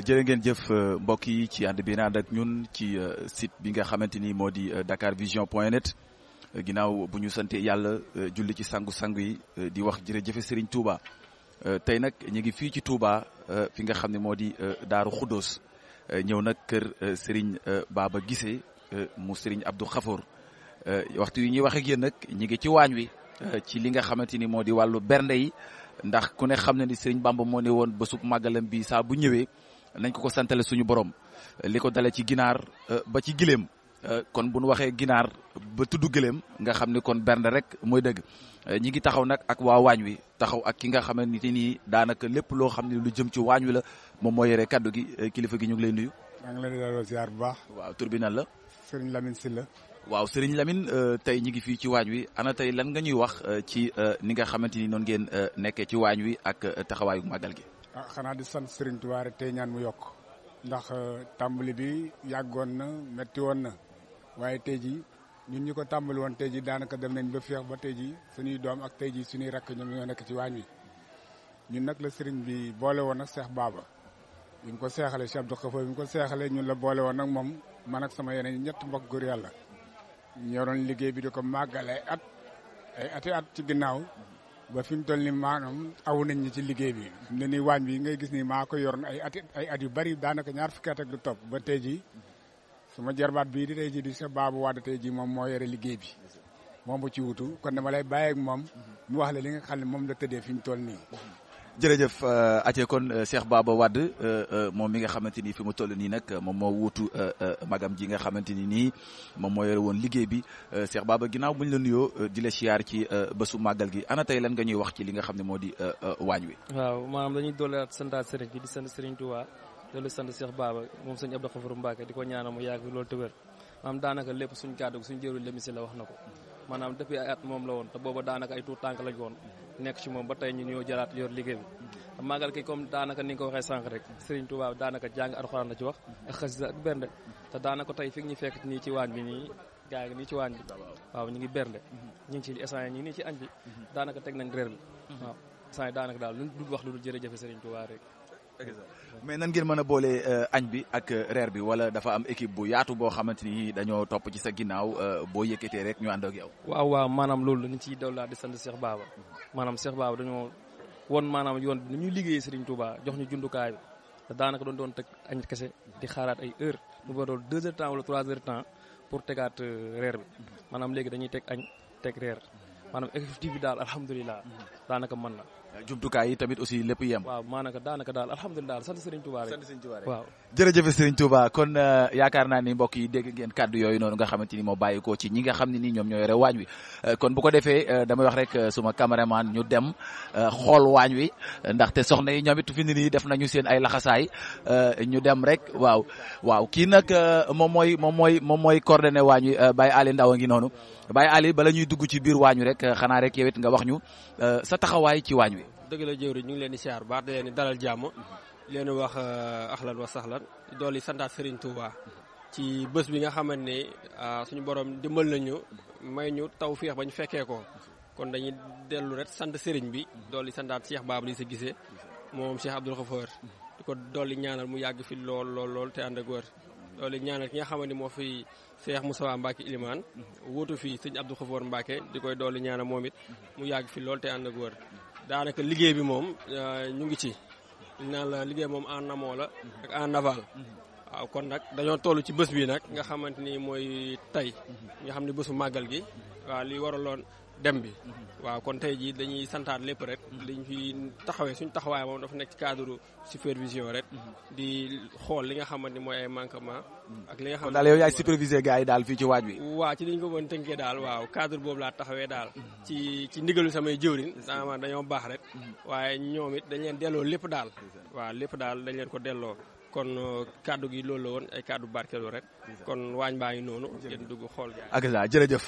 jërë ngeen jëf euh, mbokk yi ci ànd bi ànd ak ñun ci euh, site bi nga xamante ni moo di euh, dakarvision point net ginnaaw bu ñu sante yàlla julli ci sangu-sangu yi di wax jërëjëfe Serigne Touba tey nag ñu ngi fii ci Touba fi nga xam ne moo di Daaru Xuddoos ñëw nag kër Serigne Baba Guissé mu Serigne Abdou Khafour waxtu yi ñuy wax ak nag ñu ngi ci waañ wi ci li nga xamante ni moo di wàllu bernde yi ndax ku ne xam ne ni Serigne Bamba moo ne woon ba bésub màggalam bi saa bu ñëwee nañ ko ko santale suñu borom li ko dale ci ginaar euh, ba ci gileem euh, kon bu nu waxee ginaar ba tudd gileem nga xam ne kon bernde rek mooy dëgg euh, ñi ngi taxaw nag ak waa waañ wi taxaw ak ki nga xamante ni daanaka lépp loo xam ne lu jëm ci waañ wi la moom moo yore kaddu gi kilifa gi ñu ngi lay nuyu. maa ngi lay nuyu ziar bu baax. waaw tur bi nan la. Serigne Lamine tey ñi ngi fii ci waañ wi ana tey lan nga ñuy wax ci ni nga xamante ni noonu ngeen nekkee ci waañ wi ak taxawaayu màggal gi. ah xanaa di sant Serigne Touba rek tey mu yokk ndax euh, tàmbali bi yàggoon na metti woon na waaye tey jii ñun ñi ko tàmbali woon tey jii daanaka dem nañ ba feex ba tey jii suñuy doom ak tey jii suñuy rakk ñoom ñoo nekk ci waañ wi ñun nag la Serigne bi boole woon ak Cheikh baaba bi mu ko seexalee Cheikh Abdou Khafour bi mu ko seexale ñun la boole woon ak moom man ak sama yeneen ñett mbokk góor yàlla ñoroon liggéey bi di ko màggale ay at ay ati at ci ginnaaw ba fi mu toll nii maanaam aw nañ ñi ci liggéey bi ne ni waañ bi ngay gis ni maa ko yor ay at ay at yu bari daanaka ñaar fukki at ak lu topp ba tey jii suma jarbaat bii di tey jii di sa baabu waat tey jii moom moo yore liggéey bi moom bu ci wutu kon dama lay bàyyeek moom mu wax la li nga xam ne moom la tëddee fi mu toll nii jërëjëf euh, ace kon euh, Cheikh Baba Wade euh, moom mi nga xamante ni fi ma toll nii nag moom moo wuutu magam ji nga xamante ni nii moom moo yore woon liggéey bi Cheikh Baba ginnaaw bu ñu la nuyoo di la siyaar ci bésu màggal gi ana tey lan nga ñuy wax ci li nga xam ne moo di waañ wi. waaw maanaam dañuy dolliwaat santaat sëriñ bi di sant tu Touba loolu sant seex baaba moom sëñ Abdou Khafour Mbacké di ko ñaanal mu yàgg loolu te wér daanaka lépp suñ kàddu suñ jëru lemi si la wax na ko. maanaam depuis ay at moom la woon te booba daanaka ay tuut tànk lañ woon nekk ci moom ba tey ñu ñoo jëlaat yor liggéey bi màggal gi comme daanaka ni nga ko waxee sànq rek Serigne Touba daanaka jàng alxuraan la ci wax ak xasida ak bernde daanaka tey fi ñu fekk nii ci waañ bi nii gaa ngi nii ci waañ bi waaw ñu ngi bernde ñu ngi ci essane ñu ngi nii ci añ bi daanaka teg nañ reer bi mhm. waaw essane daanaka daal lu dul wax lu dul jërëjëfe Serigne Touba rek mais nan ngeen mën a boole euh, añ bi ak euh, reer bi wala dafa am équipe bu yaatu boo xamante ni dañoo topp ci sa ginnaaw euh, boo yëkkatee rek ñu ànd ak yow. waaw waaw maanaam loolu dañu ciy dolli di sant Cheikh Baba maanaam Cheikh Baba dañoo won maanaam yoon bi ni ñuy liggéeyee Serigne Touba jox ñu jundukaay daanaka doon doon teg añ kese di xaaraat ay heure mu ba doon deux heures temps wala trois heures temps pour tegaat reer bi maanaam léegi dañuy teg añ teg reer maanaam effectif bi daal alhamdulilah daanaka mën na. jumtukaay tamit aussi lépp yem. waaw maanaka daanaka daal alhamdulilah sant Serigne Touba rek. sant Serigne Touba rek waaw. jërëjëf Serigne Touba kon euh, yaakaar naa ni mbokk yi dégg ngeen kàddu yooyu noonu nga xamante ni moo bàyyi ci ñi nga xam ne ni ñoom ñoo yore waañ wi. Euh, kon bu ko defee euh, damay wax rek suma caméraman ñu dem xool waañ wi ndaxte soxna yi ñoom it fi nii def nañu seen ay laxasaay ñu dem rek waaw waaw kii nag moom mooy moom mooy moom mooy coordonné waañ wi Baye Ali Ndaw ngi noonu Baye Ali bala ñuy dugg ci biir waañ rek xanaa rek yow it nga wax ñu sa taxawaay ci waañ wi dëgg la ñu ngi leen di siyaar baax di leen di leen wax euh, axlan wa saxlan dool yi santaat Serigne Touba ci bés bi nga xamante ne euh, suñu borom dimbal nañu may ñu taw féex bañ fekkee ko kon dañuy dellu rek sant Serigne bi dool yi santaat Cheikh Babou li sa gisee moom Cheikh Abdoul Khafour di ko dool ñaanal mu yàgg fi lool lool te ànd ak wër dool yi ñaanal ki nga xamante ni moo fi Cheikh Moussa Mbacke Ilimane wuutu fii sëñ Abdoul Khafour Mbacke di koy dool yi ñaanal moom it mu yàgg fi lool te ànd ak wër daanaka liggéey bi moom euh, ñu ngi ci naan la liggéey moom en amont la ak en naval waaw kon nag dañoo toll ci bés bi nag nga xamante ni mooy tey nga xam ne bésu màggal gi waaw li waraloon dem bi waaw kon tey jii dañuy santaat lépp rek liñ fi taxawee suñ taxawaay moom dafa nekk ci cadre supervision rek di xool li nga xamante ni mooy ay manquement ak li nga xam daal yow yaay superviser gaa yi daal fii ci waaj bi waaw ci liñ ko mën tënkee daal waaw cadre boobu laa taxawee daal ci ci ndigalu samay jëwriñ daama dañoo baax rek waaye ñoom it dañ leen delloo lépp daal waaw lépp daal dañ leen ko delloo kon kaddu gi lool la woon ay kaddu barkeelu rek kon waañ baa ngi noonu ngeen dugg